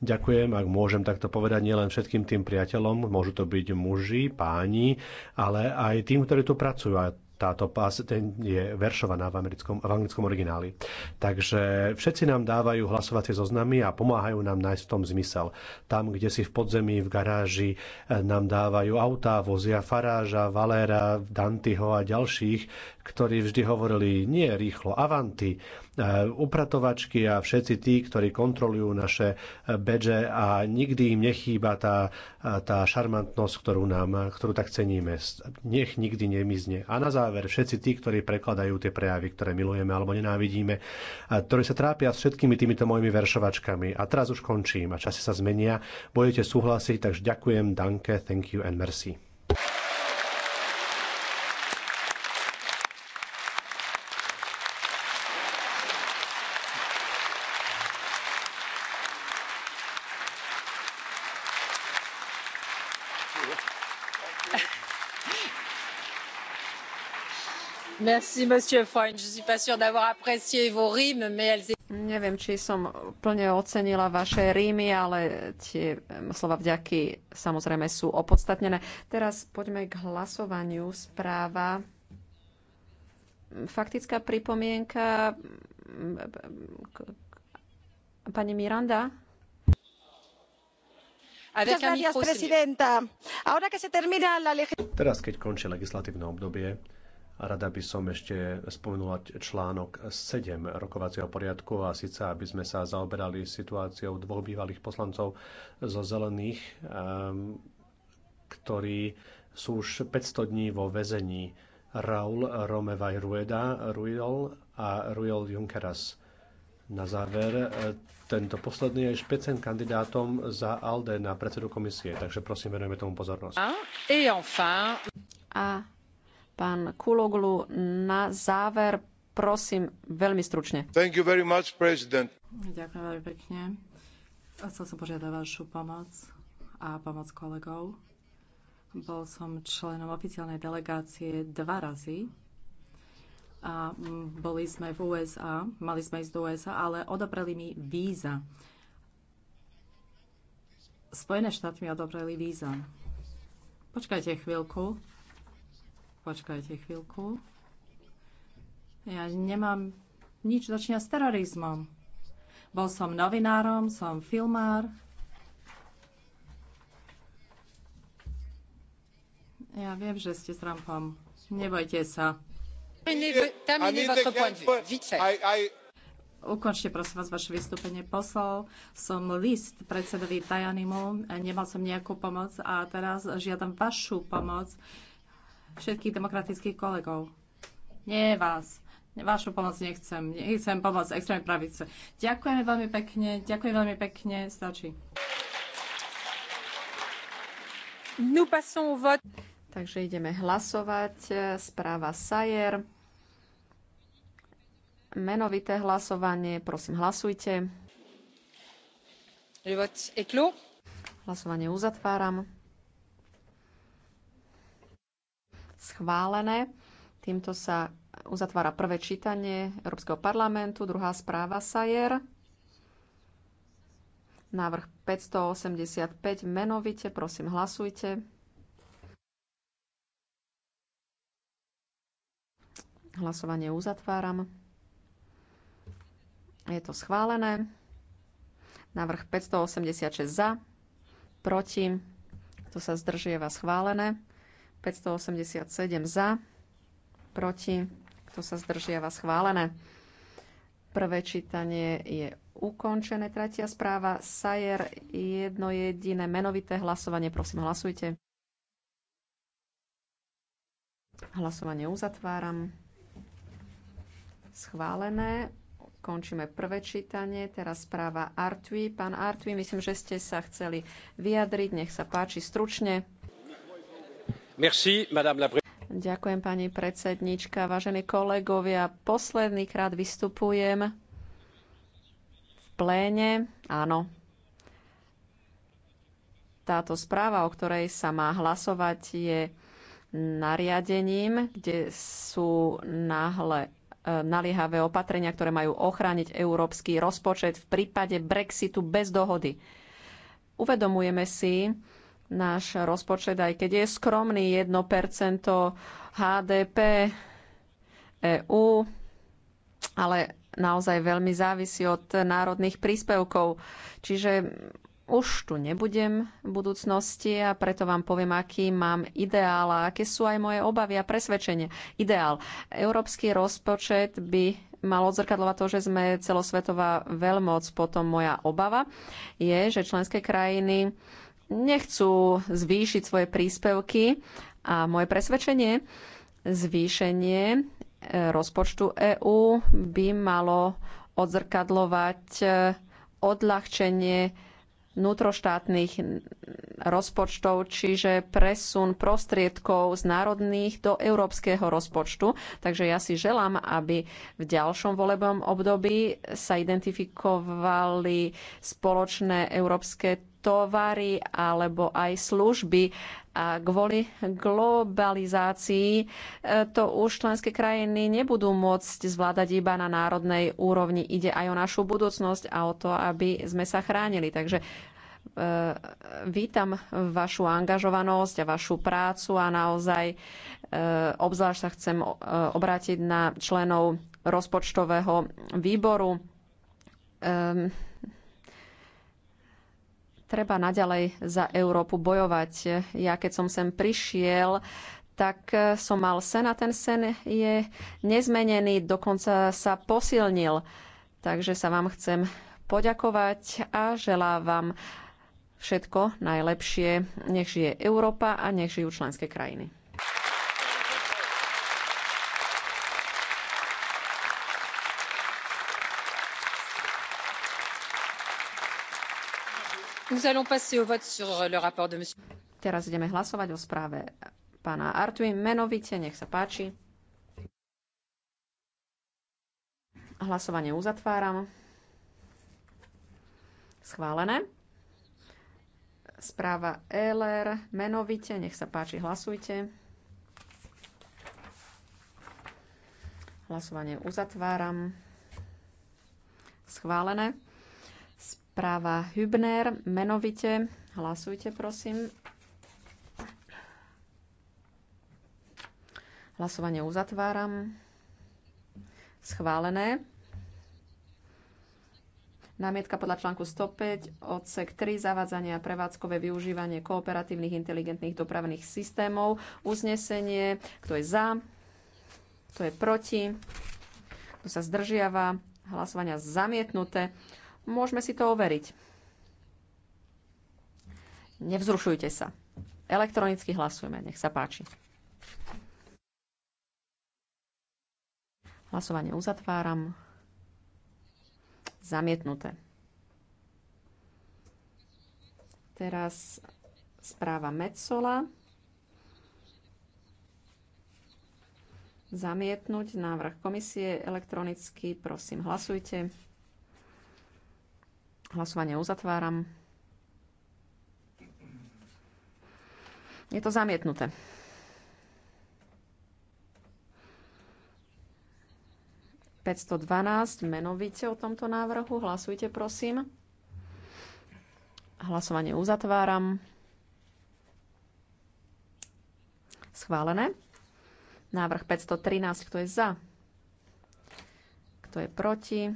Ďakujem, ak môžem takto povedať, nielen všetkým tým priateľom, môžu to byť muži, páni, ale aj tým, ktorí tu pracujú. A táto pás ten je veršovaná v americkom, v anglickom origináli. Takže všetci nám dávajú hlasovacie zoznamy a pomáhajú nám nájsť v tom zmysel. Tam, kde si v podzemí, v garáži eh, nám dávajú autá, vozia Faráža, Valéra, Dantyho a ďalších, ktorí vždy hovorili nie rýchlo, avanti, e, upratovačky a všetci tí, ktorí kontrolujú naše bedže a nikdy im nechýba tá, e, tá šarmantnosť, ktorú, nám, ktorú tak ceníme. Nech nikdy nemizne. A na záver všetci tí, ktorí prekladajú tie prejavy, ktoré milujeme alebo nenávidíme, a ktorí sa trápia s všetkými týmito mojimi veršovačkami. A teraz už končím a časy sa zmenia. Budete súhlasiť, takže ďakujem, danke, thank you and merci. Neviem, či som plne ocenila vaše rímy, ale tie slova vďaky samozrejme sú opodstatnené. Teraz poďme k hlasovaniu. Správa. Faktická pripomienka. Pani Miranda? Teraz, keď končí legislatívne obdobie, Rada by som ešte spomenula článok 7 rokovacieho poriadku a síce, aby sme sa zaoberali situáciou dvoch bývalých poslancov zo zelených, ehm, ktorí sú už 500 dní vo väzení. Raul Romevaj Rueda, Ruidol a Ruel Junkeras. Na záver, e, tento posledný je špecen kandidátom za ALDE na predsedu komisie, takže prosím, venujeme tomu pozornosť. A, e, a Pán Kuloglu, na záver, prosím, veľmi stručne. Thank you very much, president. Ďakujem veľmi pekne. Chcel som požiadať vašu pomoc a pomoc kolegov. Bol som členom oficiálnej delegácie dva razy a boli sme v USA, mali sme ísť do USA, ale odobreli mi víza. Spojené štáty mi odobreli víza. Počkajte chvíľku. Počkajte chvíľku. Ja nemám nič začňa s terorizmom. Bol som novinárom, som filmár. Ja viem, že ste s Trumpom. Nebojte sa. Ukončte prosím vás vaše vystúpenie. Poslal som list predsedovi Tajanimu, nemal som nejakú pomoc a teraz žiadam vašu pomoc všetkých demokratických kolegov. Nie vás. Vašu pomoc nechcem. Nechcem pomoc extrémnej pravice. Ďakujeme veľmi pekne. Ďakujem veľmi pekne. Stačí. Takže ideme hlasovať. Správa Sajer. Menovité hlasovanie. Prosím, hlasujte. Hlasovanie uzatváram. schválené. Týmto sa uzatvára prvé čítanie Európskeho parlamentu, druhá správa Sajer. Návrh 585 menovite, prosím hlasujte. Hlasovanie uzatváram. Je to schválené. Návrh 586 za, proti, kto sa zdržieva schválené. 587 za, proti, kto sa zdržiava schválené. Prvé čítanie je ukončené. Tretia správa. Sajer, jedno jediné menovité hlasovanie. Prosím, hlasujte. Hlasovanie uzatváram. Schválené. Končíme prvé čítanie. Teraz správa Artui. Pán Artui, myslím, že ste sa chceli vyjadriť. Nech sa páči stručne. Ďakujem, pani predsednička. Vážení kolegovia, posledný krát vystupujem v pléne. Áno, táto správa, o ktorej sa má hlasovať, je nariadením, kde sú náhle e, naliehavé opatrenia, ktoré majú ochrániť európsky rozpočet v prípade Brexitu bez dohody. Uvedomujeme si, náš rozpočet, aj keď je skromný 1% HDP EU, ale naozaj veľmi závisí od národných príspevkov. Čiže už tu nebudem v budúcnosti a preto vám poviem, aký mám ideál a aké sú aj moje obavy a presvedčenie. Ideál. Európsky rozpočet by mal odzrkadlovať to, že sme celosvetová veľmoc. Potom moja obava je, že členské krajiny nechcú zvýšiť svoje príspevky a moje presvedčenie, zvýšenie e, rozpočtu EÚ by malo odzrkadlovať e, odľahčenie vnútroštátnych rozpočtov, čiže presun prostriedkov z národných do európskeho rozpočtu. Takže ja si želám, aby v ďalšom volebnom období sa identifikovali spoločné európske tovary alebo aj služby. A kvôli globalizácii e, to už členské krajiny nebudú môcť zvládať iba na národnej úrovni. Ide aj o našu budúcnosť a o to, aby sme sa chránili. Takže e, vítam vašu angažovanosť a vašu prácu a naozaj e, obzvlášť sa chcem obrátiť na členov rozpočtového výboru. Ehm, treba naďalej za Európu bojovať. Ja keď som sem prišiel, tak som mal sen a ten sen je nezmenený, dokonca sa posilnil. Takže sa vám chcem poďakovať a želám vám všetko najlepšie. Nech žije Európa a nech žijú členské krajiny. Teraz ideme hlasovať o správe pána Artui. Menovite, nech sa páči. Hlasovanie uzatváram. Schválené. Správa ELR. Menovite, nech sa páči, hlasujte. Hlasovanie uzatváram. Schválené. Práva Hübner, menovite. Hlasujte, prosím. Hlasovanie uzatváram. Schválené. Námietka podľa článku 105 odsek 3 zavádzanie a prevádzkové využívanie kooperatívnych inteligentných dopravných systémov. Uznesenie, kto je za, kto je proti, kto sa zdržiava, hlasovania zamietnuté. Môžeme si to overiť. Nevzrušujte sa. Elektronicky hlasujeme. Nech sa páči. Hlasovanie uzatváram. Zamietnuté. Teraz správa Metzola. Zamietnúť návrh komisie elektronicky. Prosím, hlasujte. Hlasovanie uzatváram. Je to zamietnuté. ...512, menovite o tomto návrhu. Hlasujte, prosím. Hlasovanie uzatváram. Schválené. Návrh 513, kto je za? Kto je proti?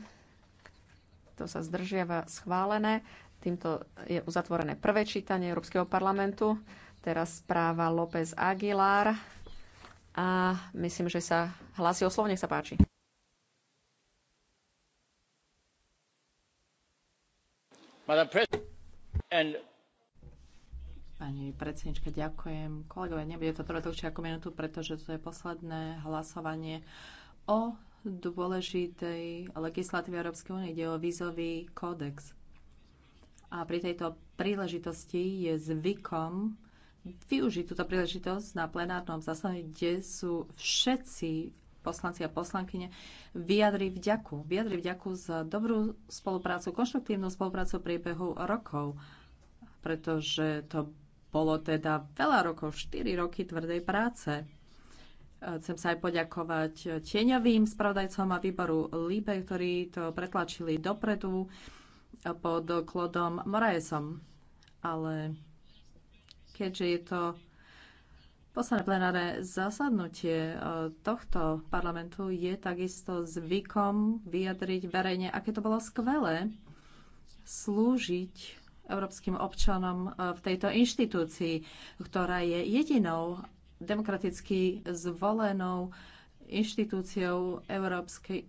kto sa zdržiava, schválené. Týmto je uzatvorené prvé čítanie Európskeho parlamentu. Teraz správa López Aguilar. A myslím, že sa hlási o slovo. Nech sa páči. Pani predsednička, ďakujem. Kolegovia, nebude to trvať dlhšie ako minútu, pretože to je posledné hlasovanie o dôležitej legislatívy Európskej únie. Ide o vízový kódex. A pri tejto príležitosti je zvykom využiť túto príležitosť na plenárnom zasadení, kde sú všetci poslanci a poslankyne vyjadri vďaku. Vyjadri vďaku za dobrú spoluprácu, konštruktívnu spoluprácu v priebehu rokov, pretože to bolo teda veľa rokov, 4 roky tvrdej práce. Chcem sa aj poďakovať tieňovým spravodajcom a výboru Líbe, ktorí to pretlačili dopredu pod Klodom Moraesom. Ale keďže je to Posledné plenárne zasadnutie e, tohto parlamentu je takisto zvykom vyjadriť verejne, aké to bolo skvelé slúžiť európskym občanom e, v tejto inštitúcii, ktorá je jedinou demokraticky zvolenou inštitúciou Európskej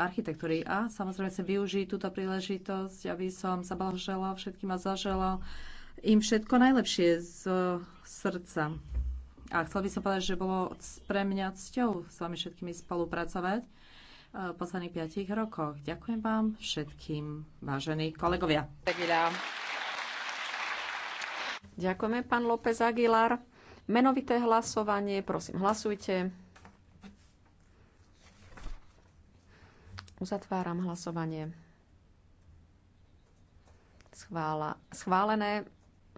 architektúry. A samozrejme chcem využiť túto príležitosť, aby som sa blahoželal všetkým a zaželal im všetko najlepšie z srdca. A chcel by som povedať, že bolo pre mňa cťou s vami všetkými spolupracovať eh, v posledných piatich rokoch. Ďakujem vám všetkým, vážení kolegovia. Ďakujeme, pán López Aguilar menovité hlasovanie. Prosím, hlasujte. Uzatváram hlasovanie. Schvála, schválené.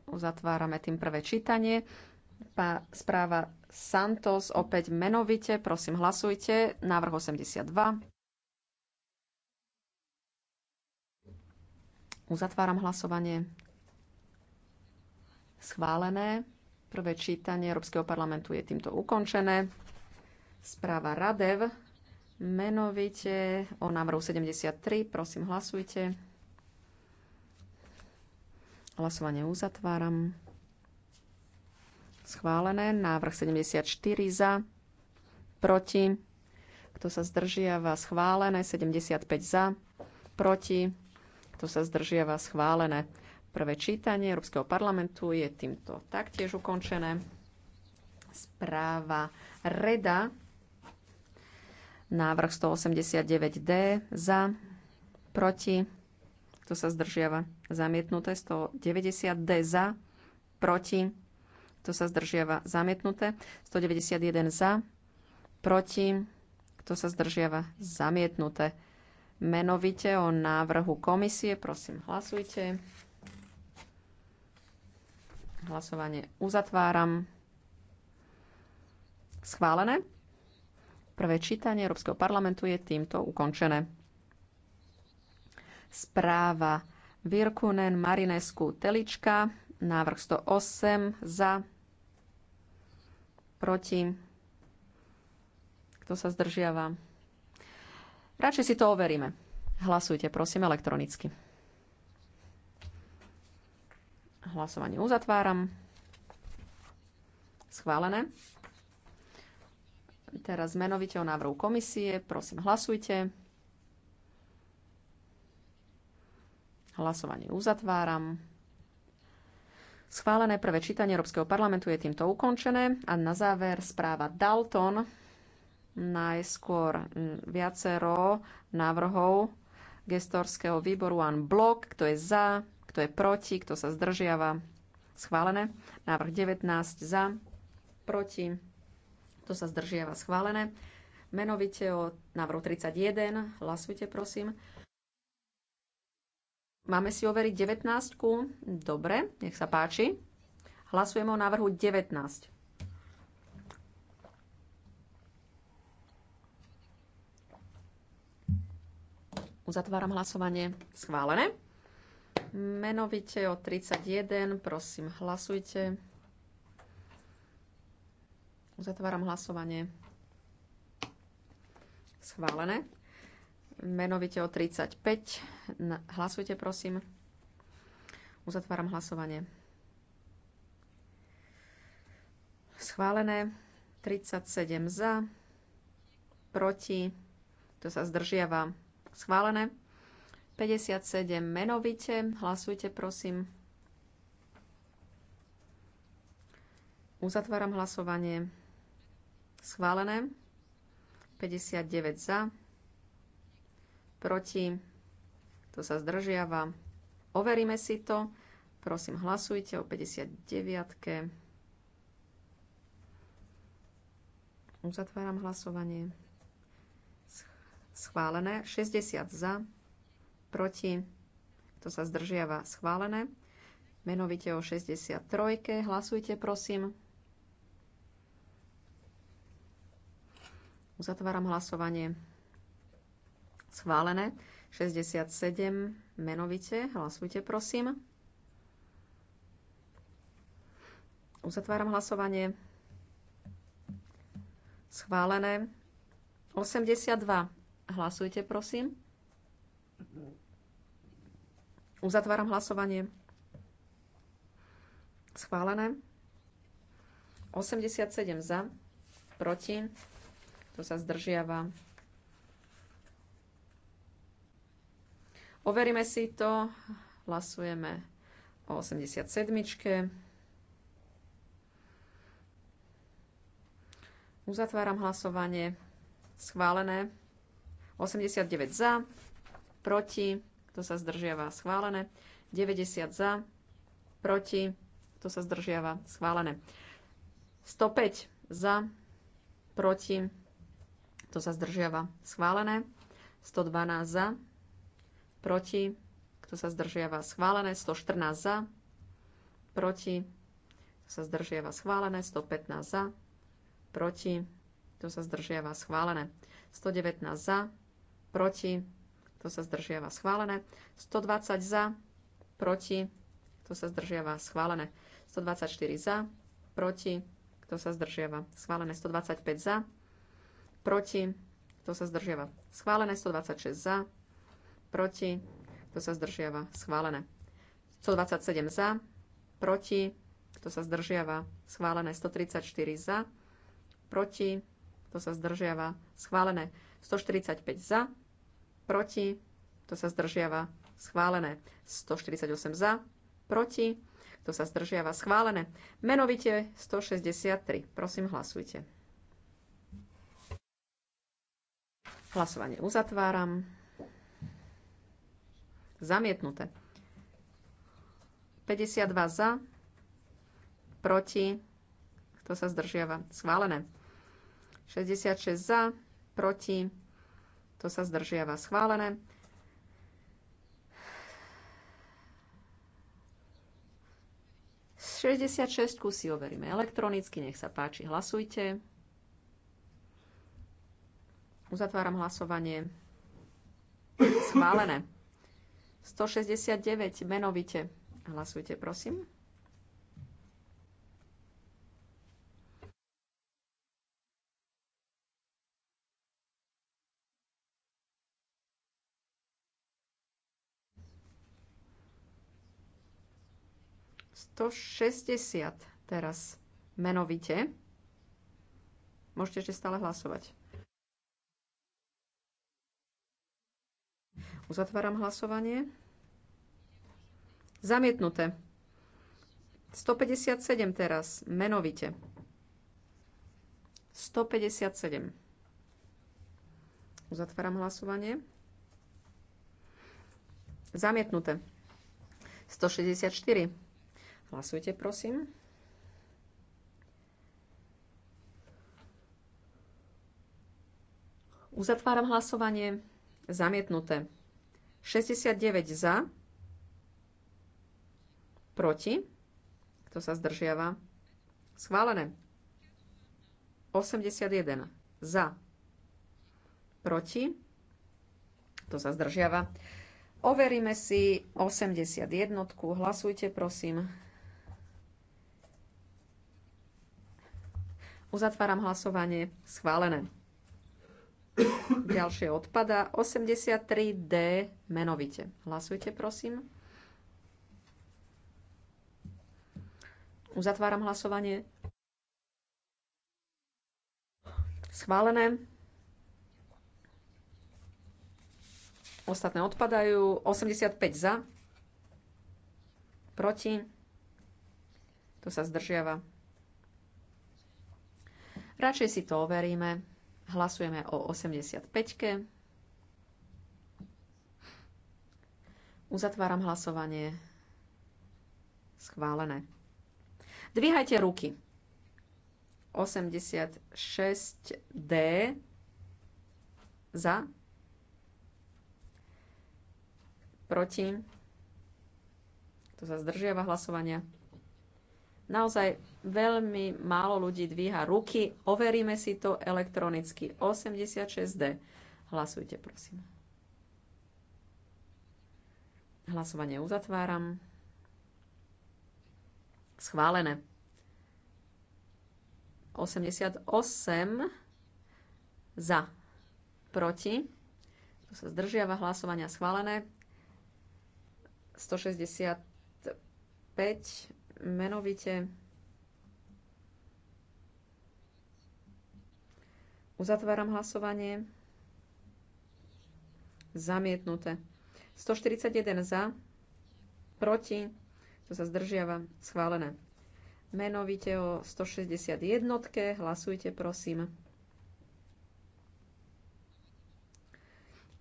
Uzatvárame tým prvé čítanie. Pa, správa Santos opäť menovite. Prosím, hlasujte. Návrh 82. Uzatváram hlasovanie. Schválené. Prvé čítanie Európskeho parlamentu je týmto ukončené. Správa Radev, menovite o návrhu 73. Prosím, hlasujte. Hlasovanie uzatváram. Schválené. Návrh 74 za, proti. Kto sa zdržiava? Schválené. 75 za, proti. Kto sa zdržiava? Schválené. Prvé čítanie Európskeho parlamentu je týmto taktiež ukončené. Správa Reda, návrh 189D za, proti, kto sa zdržiava, zamietnuté, 190D za, proti, kto sa zdržiava, zamietnuté, 191 za, proti, kto sa zdržiava, zamietnuté. Menovite o návrhu komisie, prosím, hlasujte. Hlasovanie uzatváram. Schválené. Prvé čítanie Európskeho parlamentu je týmto ukončené. Správa Virkunen Marinesku Telička, návrh 108 za, proti, kto sa zdržiava. Radšej si to overíme. Hlasujte prosím elektronicky. Hlasovanie uzatváram. Schválené. Teraz zmenovite o návrhu komisie. Prosím, hlasujte. Hlasovanie uzatváram. Schválené prvé čítanie Európskeho parlamentu je týmto ukončené. A na záver správa Dalton. Najskôr mm, viacero návrhov gestorského výboru an blok, kto je za, kto je proti? Kto sa zdržiava? Schválené. Návrh 19 za, proti. Kto sa zdržiava? Schválené. Menovite o návrhu 31. Hlasujte, prosím. Máme si overiť 19. Dobre, nech sa páči. Hlasujeme o návrhu 19. Uzatváram hlasovanie. Schválené menovite o 31. Prosím, hlasujte. Uzatváram hlasovanie. Schválené. Menovite o 35. Hlasujte, prosím. Uzatváram hlasovanie. Schválené. 37 za. Proti. To sa zdržiava. Schválené. 57 menovite. Hlasujte, prosím. Uzatváram hlasovanie. Schválené. 59 za. Proti. To sa zdržiava. Overíme si to. Prosím, hlasujte o 59. Uzatváram hlasovanie. Schválené. 60 za proti, kto sa zdržiava, schválené. Menovite o 63. Hlasujte, prosím. Uzatváram hlasovanie. Schválené. 67 menovite. Hlasujte, prosím. Uzatváram hlasovanie. Schválené. 82. Hlasujte, prosím. Uzatváram hlasovanie. Schválené. 87 za, proti, to sa zdržiava. Overíme si to. Hlasujeme o 87. Uzatváram hlasovanie. Schválené. 89 za, proti, kto sa zdržiava, schválené. 90 za, proti, kto sa zdržiava, schválené. 105 za, proti, kto sa zdržiava, schválené. 112 za, proti, kto sa zdržiava, schválené. 114 za, proti, kto sa zdržiava, schválené. 115 za, proti, kto sa zdržiava, schválené. 119 za, proti, kto sa zdržiava schválené. 120 za, proti, kto sa zdržiava schválené. 124 za, proti, kto sa zdržiava schválené. 125 za, proti, kto sa zdržiava schválené. 126 za, proti, kto sa zdržiava schválené. 127 za, proti, kto sa zdržiava schválené. 134 za, proti, kto sa zdržiava schválené. 145 za, proti, kto sa zdržiava, schválené. 148 za, proti, kto sa zdržiava, schválené. Menovite 163. Prosím, hlasujte. Hlasovanie uzatváram. Zamietnuté. 52 za, proti, kto sa zdržiava, schválené. 66 za, proti, to sa zdržiava? Schválené. Z 66 si overíme elektronicky, nech sa páči, hlasujte. Uzatváram hlasovanie. Schválené. 169 menovite. Hlasujte, prosím. 160 teraz menovite. Môžete ešte stále hlasovať. Uzatváram hlasovanie. Zamietnuté. 157 teraz, menovite. 157. Uzatváram hlasovanie. Zamietnuté. 164. Hlasujte, prosím. Uzatváram hlasovanie. Zamietnuté. 69 za. Proti. Kto sa zdržiava? Schválené. 81 za. Proti. Kto sa zdržiava? Overíme si 81. Hlasujte, prosím. Uzatváram hlasovanie. Schválené. Ďalšie odpada. 83D menovite. Hlasujte, prosím. Uzatváram hlasovanie. Schválené. Ostatné odpadajú. 85 za. Proti. Tu sa zdržiava. Radšej si to overíme. Hlasujeme o 85-ke. Uzatváram hlasovanie. Schválené. Dvíhajte ruky. 86D za. Proti. To sa zdržiava hlasovania. Naozaj Veľmi málo ľudí dvíha ruky. Overíme si to elektronicky. 86D. Hlasujte, prosím. Hlasovanie uzatváram. Schválené. 88 za, proti. Tu sa zdržiava hlasovania schválené. 165 menovite Uzatváram hlasovanie. Zamietnuté. 141 za, proti, to sa zdržiava, schválené. Menovite o 161. Hlasujte, prosím.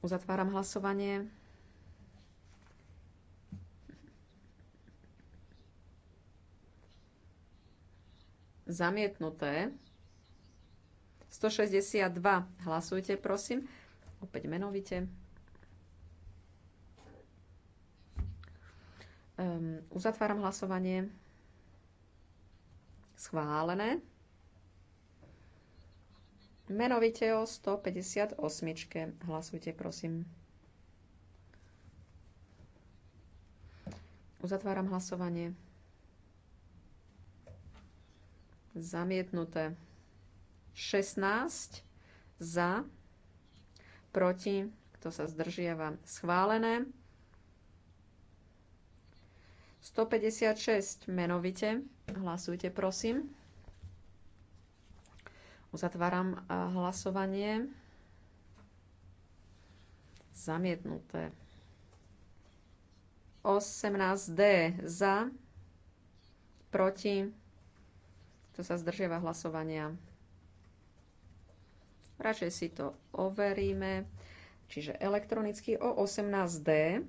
Uzatváram hlasovanie. Zamietnuté. 162. Hlasujte, prosím. Opäť menovite. Um, uzatváram hlasovanie. Schválené. Menovite o 158. Hlasujte, prosím. Uzatváram hlasovanie. Zamietnuté. 16 za, proti, kto sa zdržiava, schválené. 156 menovite. Hlasujte, prosím. Uzatváram hlasovanie. Zamietnuté. 18D za, proti, to sa zdržiava hlasovania Radšej si to overíme. Čiže elektronicky o 18D.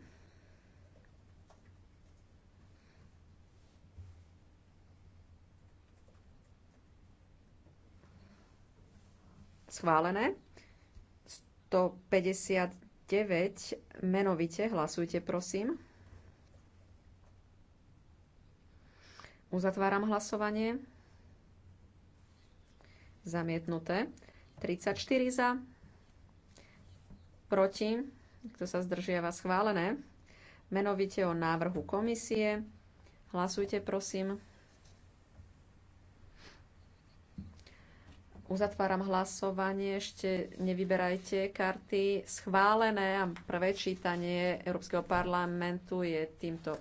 Schválené. 159 menovite. Hlasujte, prosím. Uzatváram hlasovanie. Zamietnuté. 34 za, proti, kto sa zdržiava schválené, menovite o návrhu komisie. Hlasujte prosím. Uzatváram hlasovanie, ešte nevyberajte karty. Schválené a prvé čítanie Európskeho parlamentu je týmto